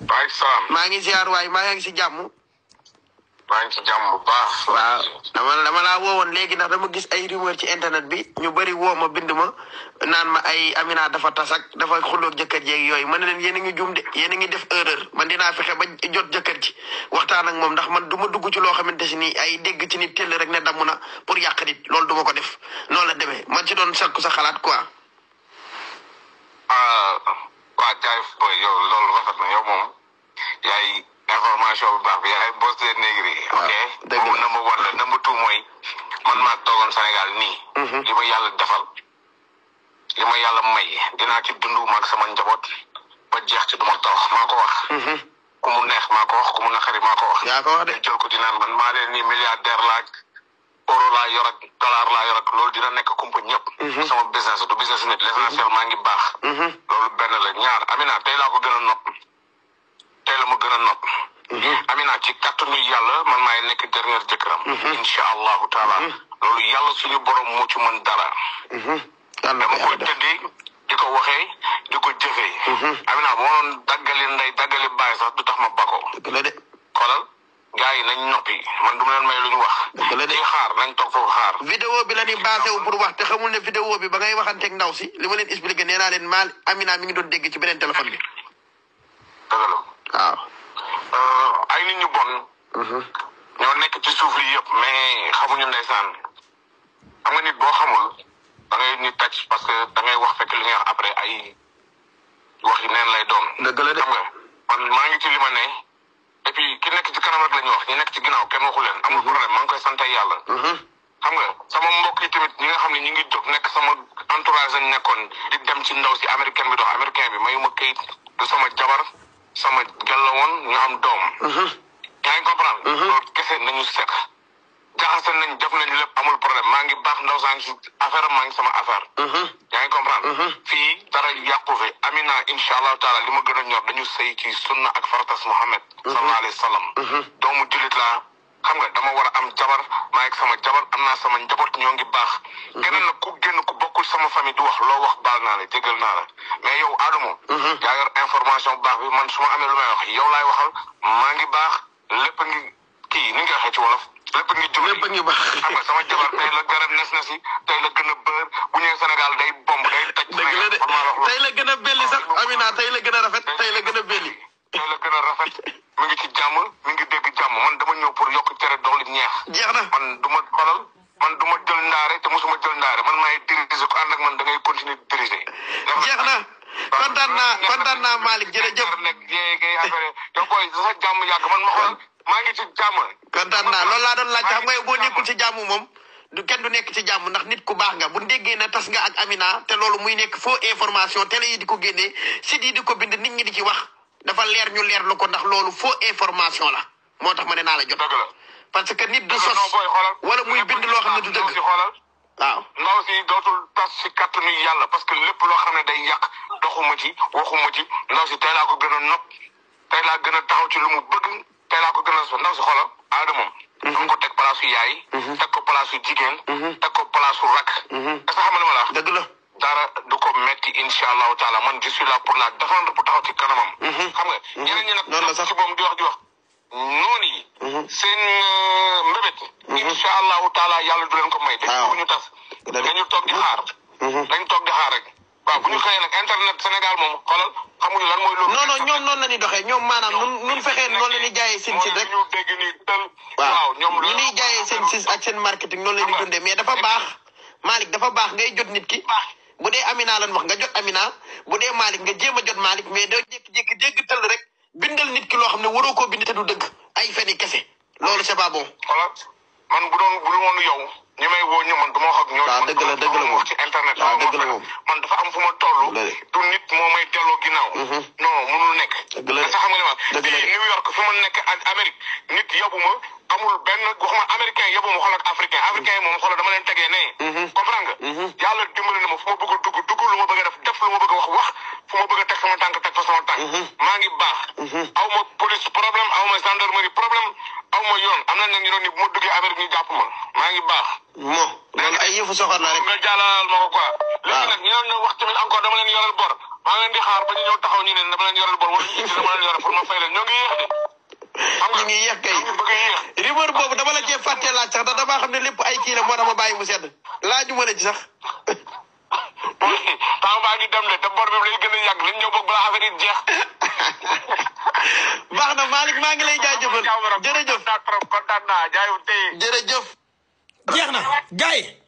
baay salaam maa ngi ziar waay maa ngi si jàmmu maa ngi si jàmm bu baax. waaw dama dama laa woowoon léegi ndax dama gis ay rumeur ci internet bi ñu bari woo ma bind ma naan ma ay Amina dafa tasak dafa xulóog jëkkër jeeg yooyu ma ne leen yéen a ngi juum de yéen a ngi def erreur man dinaa fexe ba jot jëkkër ji waxtaan ak moom ndax man du ma dugg ci loo xamante nii ay dégg ci nit teel rek ne damm na pour yàq it loolu duma ko def noonu la demee man ci doon sakku sa xalaat quoi. Ah, waaw jaaree booy yow loolu rafet na yow moom yaay information bu baax bi yaay boss de négri. waaw dëgg la ok number one man maa toogoon Sénégal nii. Mhm. li ma yàlla defal li ma yàlla may dinaa ci dund maag sama njaboot ba jeex ci du ma torox ko wax. Mhm. ku mu neex maa ko wax ku mu naqari maa wax. yaa ko wax de jël ko dinaan ni milliardaire laaj. euro laa ya, yor ak dollar laa ya, yor ak loolu dina nekk kumpa ñëpp. Mhm. sama business du business nit l'essentiel mhm. maa ngi baax. Mhm. loolu benn la ñaar Amina ah, tey laa ko gën a nopp tey la ma gën a nopp. Amina ah, ci kattanu yàlla iya man maay nekk dernier jëkkëram. incha allahu taala. loolu yàlla suñu borom moo ci mën dara. dama koy tëddee di ko waxee di ko jëfee. Amina boo doon daggali ndey daggali bàyyi sax du tax ma bako. gars yi nañ noppi man du ma may lu ñu wax. dëgg xaar nañ toog foofu xaar. vidéo bi la ñuy basé pour wax te xamul ne vidéo bi ba ngay waxanteeg ndaw si li ma leen expliqué nee naa leen maal Amina mi ngi doon dégg ci beneen téléphone bi. dëgg la waaw. Euh, ay nit mhm. nekk ci suuf yi yëpp mais xamuñu ndeysaan xam nga boo xamul da ngay nit tàcc parce que da ngay wax fekk li ngay wax après ay wax yu neen lay doon. dëgg la de xam nga ci li ma ne. et puis ki nekk ci kanam rek la ñu wax ñi nekk ci ginnaaw kenn waxu leen amul mhm. problème maa ngi koy sante yàlla mhm. xam nga sama mbokk yi tamit ñi nga xam ne ñi ngi jog nekk sama entourage lañ nekkoon di dem ci ndaw si américain bi dox américain bi mayu ma kayit sama jabar sama gàllawoon ñu am doom mhm. yaa ngi comprendre loolu kese nañu seq jaxasal nañ def nañ lépp amul problème maa ngi baax ndaw saa ngi su affaire maa ngi sama affaire. yaa ngi comprendre. fii dara yàqu fi Amina incha allahu taala li ma gën a ñor dañu sëy ci sunna ak faratas Muhammad. sallallahu alayhi wa sallam. doomu jullit laa xam nga dama war a am jabar maa ngi sama jabar am naa sama njaboot ñoo ngi baax. keneen nag ku génn ku bokkul sama famille di wax loo wax baal naa la jégal naa la mais yow Adamo. yaa yor information baax bi man su ma amee lu may wax yow laay waxal maa ngi baax lépp ngi kii ni nga waxee ci wolof. lépp ngi jur lépp ngi baax xam nga sama jabar tey la gën a nes si tey la gën a bër bu ñëwee Sénégal day bomb day toj. dëgg la de tey gën a belli sax Amina tey la gën a rafet tey la gën a belli. tey gën a rafet mi ngi ci jàmm mi ngi dégg jàmm man dama ñëw pour yokk cere dolli ñeex. jeex na man du ma xolal man du ma jël ndaare te mosuma jël ndaare man maay diriger ko ànd ak man da ngay continuer diriger. jeex na. kontaan naa kontaan naa Malick jërëjëf. nekk yeegee affaire yow booy sa jàmm yàgg man ma xool maa ngi ci jàmm kontaan naa loolu laa doon laaj xam nga boo nekkul ci jàmm moom du kenn du nekk ci jàmm ndax nit ku baax nga bu déggee na tas nga ak Amina te loolu muy nekk faux information télé yi di ko génnee site bind nit ñi di ci wax dafa leer ñu leer lu ndax loolu faux information la moo tax ma la jot parce que nit du sos wala muy bind loo xam du dëgg waaw ndaw si dootul tas si kàttanu yàlla parce que lépp loo xam ne day yàq doxuma ci waxuma ci ndaw si tey laa ko gën a nopp tey laa gën a taxaw ci lu mu bëgg te laa ko gën a so ndaw si xoolal aada moom mhm. ko teg place su yaay mhm. teg ko place jigéen mhm. teg ko place su rak est-ce que xam nga ma la dëgg la dara du ko metti incha allahu taala man je suis là pour la défendre pour taxaw ci kanamam xam nga ñeneen ñi nag ci moom di wax di wax noonu yi seen euh, mbébét incha allahu taala yàlla du leen ko may dañu ñu tas dañu dañ toog di xaar rek waaw bu ñu xëyee nag internet Sénégal moom xoolal xamuñu lan mooy. loolu non non ñoom noonu la ñuy doxee ñoom maanaam nun nu fexee noonu la ñuy jaayee seen ñuy jaayee seen site ak seen marketing noonu la ñuy dundee mais dafa baax Malick dafa baax ngay jot nit ki. bu dee Amina lan wax nga jot Amina bu dee maalik nga jéem a jot Malick mais doo jékki-jékki dégg tël rek bindal nit ki loo xam ne waroo koo bind te du dëgg ay feni kese loolu c'est pas bu doon bu doon yow ñi woo ñu toog ñoo dëgg la dëgg la moom ci internet waaw dëgg la moom am fu ma toll du nit moo may delloo ginnaaw mhm. non mënul nekk dëgg la sax xam nga ne ma fii New York fi ma nekk Amérique nit yóbbu ma amul benn wax ma africain mm-hmm. africain moom xoolal dama leen tegee ne. Mm-hmm. comprendre nga. Mm-hmm. yàlla dimbali na fu ma bëgg a dugg dugg lu ma a def a wax wax fu ma bëgg a teg sama tànk teg fa sama tànk. maa ngi baax. aw ma police problème aw ma gendarmerie problème aw ma yoon am na ñu doon ni bu ma duggee Amérique ñu jàpp ma maa ngi baax. bon loolu ay yëfu nga jàllal ma ko quoi. waaw ah. léegi nag ñeneen ñoo wax tamit encore maa ngi leen di xaar ba ñu ñëw taxaw ñu ne dama leen yoral bor wala ñu indi dama leen yoral ñu ngi yéex kay rumeur boobu dama la cee fàttee laaj sax ndax damaa xam ne lépp ay kii la moo dama bàyyi mu sedd laaj mën a ji sax temps baa ngi dem de te bor bi lay gën a yàgg lañ ñëw boog balaa affaire yi jeex baax na Malick maa ngi lay jaajëfal jërëjëf jërëjëf jeex na gars yi